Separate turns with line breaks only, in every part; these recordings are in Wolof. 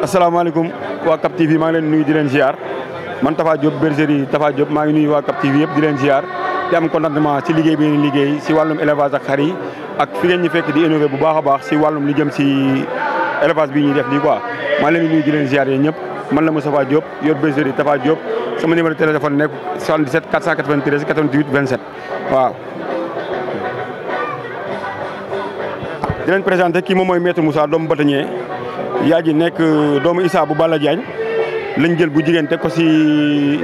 assalamualaikum wa Cap TV ma ngi leen nuyu di len ziar man Tafa job bergerie Tafa job ma ngi nuyu wa Cap TV yeb di len ziar di am contentement ci liguey bi ni liguey ci walum élevage ak xari ak fi ngeen ñu fekk di innover bu baaxa baax ci walum li jëm ci élevage bi ñi def lii quoi ma ngi leen di nuyu di leen ziar yéen ñëpp man la Moustapha job yor bergerie Tafa job sama numéro téléphone nek 77 493 88 27 waaw. di len présenter ki mo moy maître Moussa dom bâtonnier yaa ji nekk euh, doomu Issa bu Balla Diagne lañ jël bu jigéen teg ko si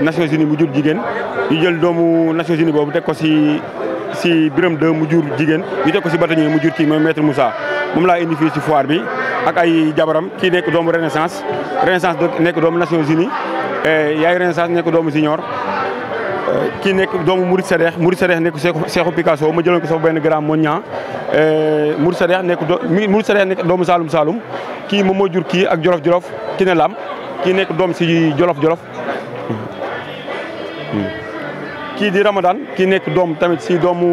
Nations Unies mu jur jigéen ñu jël doomu Nations Unies boobu teg ko si si Birame 2 mu jur jigéen ñu teg ko si batañe mu jur kii mooy maître Moussa moom laa indi fii si foire bi ak ay jabaram kii nekk doomu Renaissance Renaissance nekk doomu Nations Unies eh, yaay Renaissance nekk doomu Signor eh, ki nekk doomu Mouride Sadex Mouride Sadex nekk Seexu Picasso ma jëloon ko sama benn grand moññaa Eh, Mourou Sadex nekk do Mourou Sadex nekk doomu Saalum Saalum kii moom moo jur kii ak Jolof Jolof ki ne laam ki nekk doom si Jolof Jolof. Hmm. kii di Ramadan ki nekk doom tamit si doomu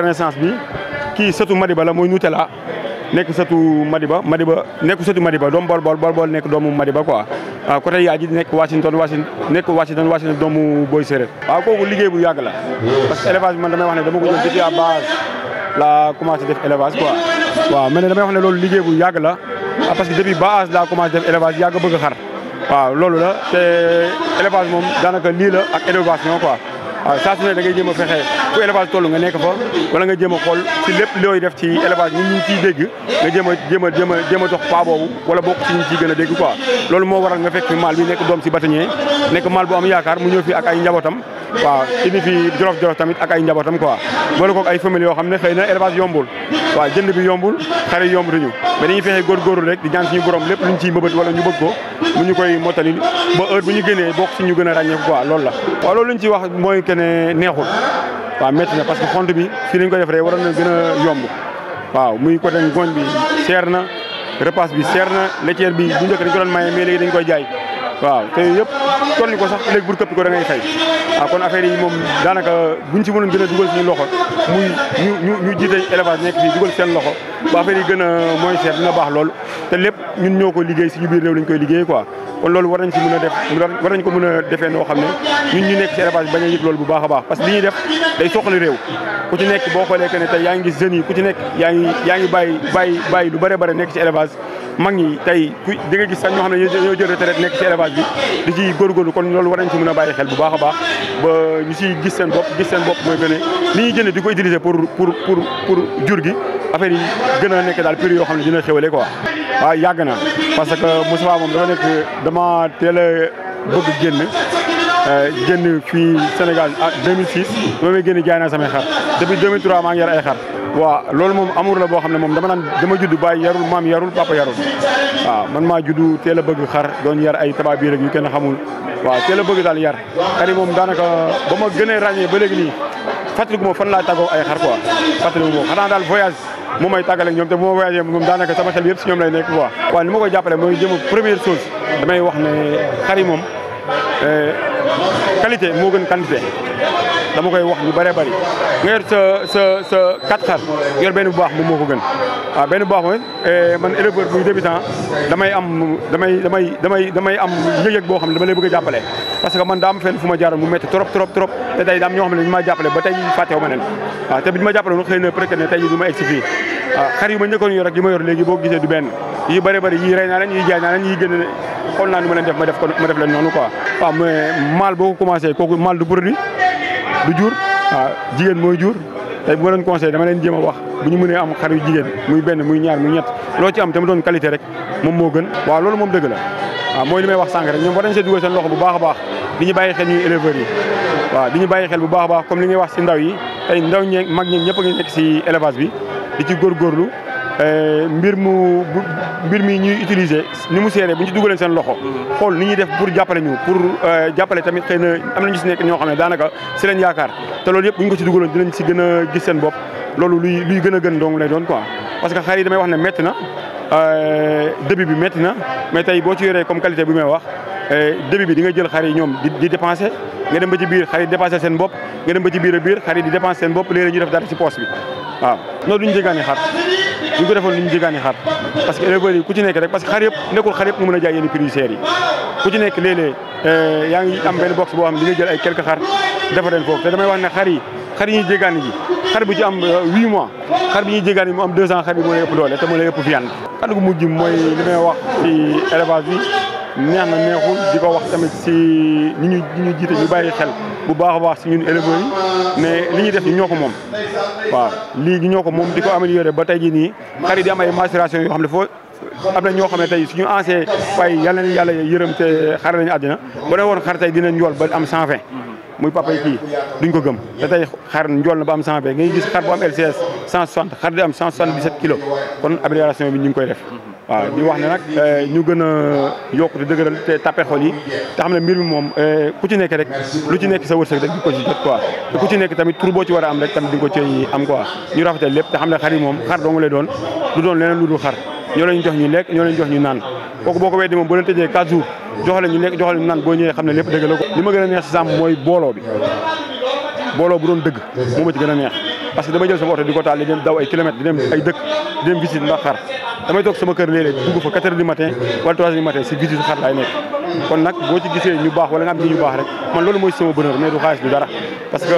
renaissance bi kii sëtu Madiba la mooy Nutella nekk sëtu Madiba Madiba nekk sëtu Madiba doomu Bol Bol Bol Bol nekk doomu Madiba quoi. waaw ah, côté yaay ji nekk Washington nekk Washington Washington doomu Boy Séréer. waaw kooku liggéey bu yàgg la hmm. parce que bi man damay wax ne dama ko jël depuis à base. laa commencé def élevage quoi waaw mais ne damay wax ne loolu liggéey bu yàgg la ah, parce que depuis bas âge laa commencé def élevage yàgg bëgg xar waaw loolu la te élevage moom daanaka lii la ak innovation quoi waaw saa su ne da ngay jéem a fexe fu élevage toll nga nekk fa wala nga jéem a xool si lépp looy def ci élevage ñun ñu ngi dégg nga jëm a jëm a jéem a jéem a dox pas boobu wala bokk ci ñu ciy gën a dégg quoi loolu moo waral nga fekk maal bi nekk doom si bâtonnier nekk maal bu am yaakaar mu ñëw fi ak ay njabootam waaw indi fi jolof jolof tamit ak ay njaboot njabootam quoi boole koog ay famille yoo xam ne xëy na élevage yombul waaw jënd bi yombul xare yombutuñu mais dañuy fexe góorgóorlu rek di ñaan ñu borom lépp luñ ciy mbëbët wala ñu bëgg ko mu ñu koy mottali ba heure bu ñu génnee bokk si ñu gën a ràññeeku quoi lool la waaw loolu luñ ci wax mooy que ne neexul waa métti na parce que xont bi fii lañ koy def rek waroon na gën a yomb waaw muy côté ngooñ bi seer na repas bi seer na laitière bi bu njëkk dañ ko doon maye koy jaay waaw te yëpp tolli ko sax léegi bur këppi ko da ngay waaw ah, kon affaire yi moom daanaka buñ ci mënoon gën a dugal suñu loxo muy ñu ñu ñu jiite élevage nekk fii seen loxo ba affaire yi gën a mooy seet dina baax lool te lépp ñun ñoo ko liggéey suñu biir réew lañ koy liggéey quoi kon loolu war nañ ci mën a def war nañ ko mën a defee noo xam ne ñun ñu nekk ci élevage bañ a yëg loolu bu baax a baax parce que li ñuy def day soxla réew ku ci nekk boo xoolee que yaa ngi gis jeunes yi ku ci nekk yaa ngi nekk ci mag ñi tey ku di nga gis sax ñoo xam ne ñoo jël retraite nekk ci élevage bi di ci góorgóorlu kon loolu war nañ ci mën a bàyyi xel bu baax a baax ba ñu siy gis seen bopp gis seen bopp mooy gën a li ñuy jënd di ko utiliser pour pour pour pour jur gi affaire yi gën a nekk daal prix yoo xam ne dina xéwale quoi. waaw yàgg na parce que Moussa moom dafa nekk dama teel a bëgg génn euh, génn fii Sénégal ah 2006 ba may génn jaay naa samay xar depuis 2003 maa ngi yar ay xar. waaw loolu moom amour la boo xam ne moom dama naan dama judd baay yarul maam yarul papa yarul waaw man maa juddu teel a bëgg xar doon yar ay tabaab yi rek yu kenn xamul waaw teel a bëgg daal yar xar moom daanaka ba ma gënee ràññee ba léegi nii fàttaliku ma fan laa tàggoo ay xar quoi fàttaliku ma xanaa daal voyage moom may tàggale ak ñoom te bu ma voyagé moom daanaka sama xel yëpp si ñoom lay nekk quoi. waaw ni ma koy jàppale mooy jëm première chose damay wax ne xar yi eh, moo gën quantité dama koy wax ñu bëree bari nga yor sa sa sa quatre xar benn bu baax moom moo ko gën waaw benn bu baax mooy eh, man éleveur bu débutant damay am damay damay damay yëg-yëg boo xam ne dama lay a jàppale parce que man daa am fu ma jaaroon mu métti trop trop trop te tey daam ñoo xam ne ñu ma jàppale ba tey fàttewu ma leen te bi ñu ma jàppale woon xëy na peut-être ne tey du ma egg si xar yu ma njëkkoon yor ak yi ma yor léegi boo gisee du benn yi bëri bëri yi naa leen ma leen def ma ma boo commencé kooku mal du du jur ah jigéen mooy jur tey bu ma doon conseil dama leen jéem a wax bu ñu mënee am xar yu jigéen muy benn muy ñaar muy ñett loo ci am te mu doon qualité rek moom moo gën waaw loolu moom dëgg la waaw ah, mooy li may wax sànq rek ñoom war nañ see dugal seen loxo bu baax a baax di ñu bàyyi xel ñuy éleveurs yi waaw di ñu bàyyi xel bu baax a baax comme li ngay wax si ndaw yi tey ndaw ñeeg mag ñeeg ñëpp a ngi nekk si élevage bi di ci góorgóorlu Euh, mbir mu mbir mi ñuy utiliser ni mu seeree bu ñu ci dugalee seen loxo. Mm-hmm. xool ni ñu def pour jàppale ñu pour euh, jàppale tamit xëy am nañu ñu nekk ñoo xam ne daanaka si leen yaakaar te loolu yëpp bu ñu ko si dugaloon dinañ si gën a gis seen bopp loolu luy luy gën a gën dong lay doon quoi. parce que xar damay wax ne métti na euh, début bi métti na mais tey boo ci yoree comme qualité bi may wax. Eh, début bi di nga jël xar yi ñoom di dépensé nga dem ba ci biir xar yi dépensé seen bopp nga dem ba ci biir a biir xar yi di dépensé seen bopp léeg-léeg ñu def dara si poche bi waaw noonu duñu jéggaani xar duñ xar parce ku ci nekk rek parce que eh, yaa ngi am benn box boo xam ne di nga jël ay quelques xar defa leen foofu te damay wax ne xar yi xar yi ñuy ji xar bi ci am 8 euh, mois xar bi ñuy jéggaani mu am xar bi moo ëpp doole te moo lay ëpp viande kàddu gu mujj mooy li wax ci élevage bi neex na neexul di ko wax tamit si ñi ñu ñi ñu jiite ñu bàyyi xel bu baax a baax si ñun éleveurs yi mais li ñuy def ñi ñoo ko moom waaw lii gi ñoo ko moom di ko amélioré ba tey ji nii xar yi di am ay maturation yoo xam ne foo am na ñoo xam ne tey suñu ancien fay yal na yàlla yërëm te xare lañu àddina ba ne woon xar tey dina njool muy papay kii duñ ko gëm te tey xar njool na ba am 100 ba ngay gis xar bu am LCS 160 xar di am 177 kilos kon amélioration bi ñu koy def waaw di wax ne nag euh, ñu gën a yokk te dëgëral te tapé xol yi te xam ne mbir mi moom euh, ku ci nekk rek lu ci nekk sa wërsëg rek di ko ci jot quoi te ku ci nekk tamit tur boo ci war a am rek tamit di nga ko ci am quoi ñu rafetal lépp te xam ne xar yi moom xar dong lay doon du doon leneen lu dul xar ñoo leen jox ñu jox ñu naan kooku jox la ñu lekk jox la ñu naan boo ñëwee xam ne lépp dëgg la ko. gën a neex si sàmm mooy booloo bi booloo bu doon dëgg moo ci gën a neex parce que dama jël sama kër léeg dugg fa 4 matin wala 3 heures matin si visite xar laay nekk. kon nag boo ci gisee ñu baax wala nga am ci ñu baax rek man loolu mooy sama bonheur mais du xaalis du dara parce que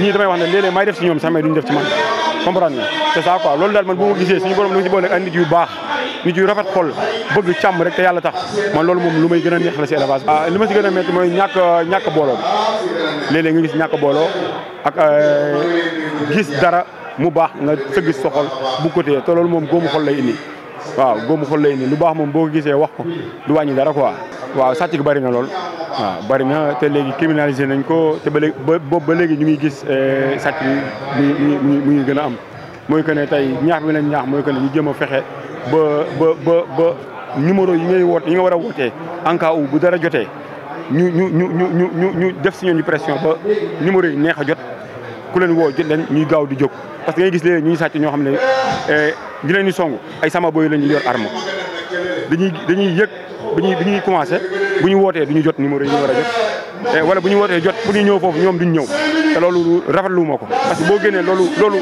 ñii damay wax ne léeg may def si ñoom sax mais duñ def ci man comprendre nga c'est ça quoi loolu daal man ñu ciy rafet xol bëgg càmm rek te yàlla tax man loolu moom lu may gën a neex la si élevage bi. li ma si gën a métti mooy ñàkk ñàkk booloo léeg-léeg nga gis ñàkk booloo ak gis dara mu baax nga sëgg sa bu côté te loolu moom góomu xol lay indi. waaw góomu xol lay indi lu baax moom boo gisee wax ko du wàññi dara ko waaw sàcc gi bari na lool waaw bari na te léegi criminalisé nañ ko te ba léegi ba léegi ñu ngi gis sàcc bi mu ngi mu gën a am. mooy que ne tey ñaax bi lañ ñaax mooy que ne ñu jëm a fexe. ba ba ba ba numéro yi ngay woot yi nga war a wootee en cas où bu dara jotee ñu ñu ñu ñu ñu ñu ñu def si ñooñu pression ba numéro yi neex a jot ku leen woo jot leen ñuy gaaw di jóg. parce que ngay gis léegi ñu ngi sàcc ñoo xam ne ñu eh, leen di song ay sama boy la ñu yor arme dañuy dañuy yëg ba ñuy bi ñuy commencé bu ñu wootee du ñu jot numéro yi ñu war a jot eh, wala bu ñu wootee jot pour ñu ñëw foofu ñoom duñ ñëw. te loolu rafetlu ma ko parce que boo génnee loolu loolu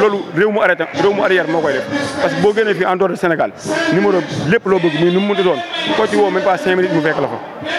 loolu réew mu arrêté réew mu arrière moo koy def parce que boo génnee fii en de Sénégal numéro lépp loo bëgg muy nu mu mënti doon koo ci woo même pas cinq minutes mu fekk la fa